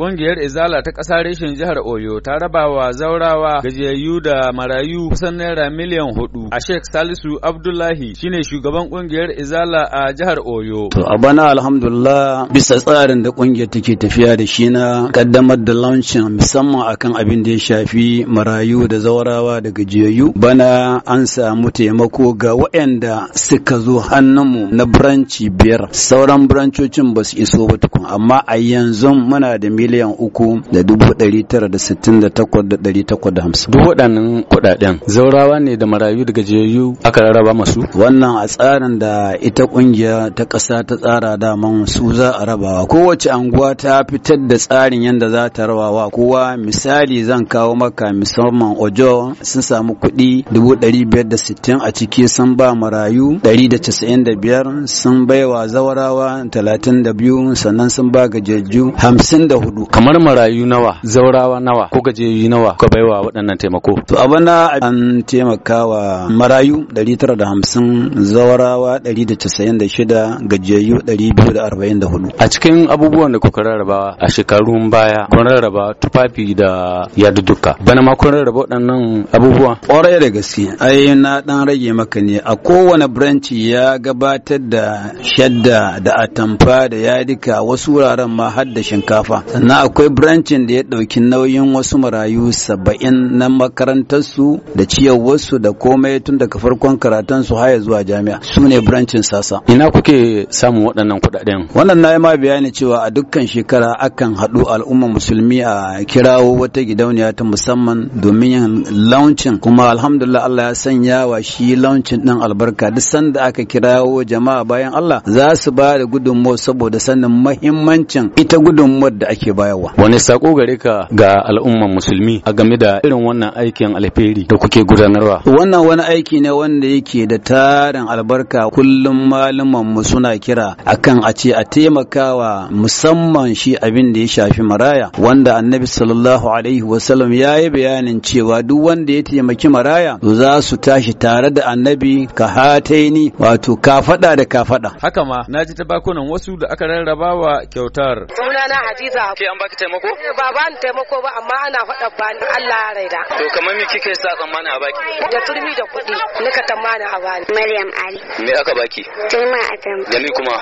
Ƙungiyar Izala ta ƙasa reshen jihar Oyo ta raba wa zaurawa gajiyayyu da marayu kusan naira miliyan hudu. A Sheikh Salisu Abdullahi shine shugaban ƙungiyar Izala a jihar Oyo. To a bana alhamdulillah bisa tsarin da ƙungiyar take tafiya da shi na kaddamar da launcin musamman akan abin da ya shafi marayu da zaurawa da gajiyayyu. Bana an samu taimako ga waɗanda suka zo hannunmu na biranci biyar. Sauran birancocin ba su iso ba tukun amma a yanzu muna da miliyan uku da dubu ɗari tara da sittin da takwas da ɗari takwas da hamsin. Duk waɗannan kuɗaɗen zaurawa ne da marayu da gajiyayyu aka raba masu. Wannan a tsarin da ita ƙungiya ta ƙasa ta tsara daman su za a rabawa. Kowace anguwa ta fitar da tsarin yadda za ta rabawa kowa misali zan kawo maka musamman Ojo sun samu kuɗi dubu ɗari biyar da sittin a ciki sun ba marayu ɗari da casa'in da biyar sun baiwa zawarawa talatin da biyu sannan sun ba gajiyayyu hamsin da hudu. hudu kamar marayu nawa zaurawa nawa ko gajeyi nawa ko baiwa waɗannan taimako to a bana an taimaka wa marayu 950 zaurawa 196 gajeyu 244 a cikin abubuwan da kuka rarraba a shekarun baya kun rarraba tufafi da yadudduka bana ma kun rarraba waɗannan abubuwa ƙwarai da gaske ai na dan rage maka ne a kowane branch ya gabatar da shadda da atamfa da yadika wasu wuraren ma har da shinkafa sannan na akwai branchin da ya ɗauki nauyin wasu marayu saba'in na makarantarsu da ciyarwarsu da komai tun daga farkon karatun su haya zuwa jami'a su ne branchin sasa ina kuke samun waɗannan kuɗaɗen wannan na yi ma bayani cewa a dukkan shekara akan haɗu al'umma musulmi a kirawo wata gidauniya ta musamman domin yin launcin kuma alhamdulillah Allah ya sanya wa shi launcin ɗin albarka duk sanda aka kirawo jama'a bayan Allah za su ba da gudunmuwa saboda sanin mahimmancin ita gudunmawar da ake bayarwa wani sako gare ka ga al'ummar musulmi a game da irin wannan aikin alheri da kuke gudanarwa wannan wani aiki ne wanda yake da tarin albarka kullum malaman mu suna kira akan a ce a taimakawa musamman shi abin da ya shafi maraya wanda annabi sallallahu alaihi wasallam ya yi bayanin cewa duk wanda ya taimaki maraya za su tashi tare da annabi ka hataini wato ka fada da ka fada. haka ma na ji ta bakunan wasu da aka rarrabawa kyautar sunana hadiza ke an baki taimako? Eh, ba ba ni taimako ba amma ana faɗa ba ni Allah ya raida. To kamar me kike sa tsammanin a baki? Da turmi da kuɗi nika tamani a bani. Maryam Ali. Me aka baki? Taima a tamfa. Da kuma?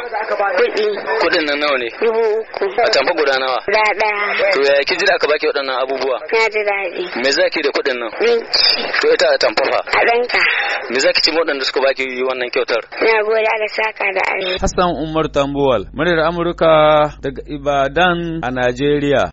Kuɗi. Kuɗin nan nawa ne? Dubu uku. A tamba guda nawa? Da ɗaya. To yaya ki ji da aka baki waɗannan abubuwa? Na ji daɗi. Me za ki da kuɗin nan? Ɗinki. To ita a tamba fa? A ɗanka. Me za ki ci waɗanda suka baki wannan kyautar? Na gode da saka da Ali. Hassan Umar Tambuwal, muryar Amurka daga Ibadan a Najeriya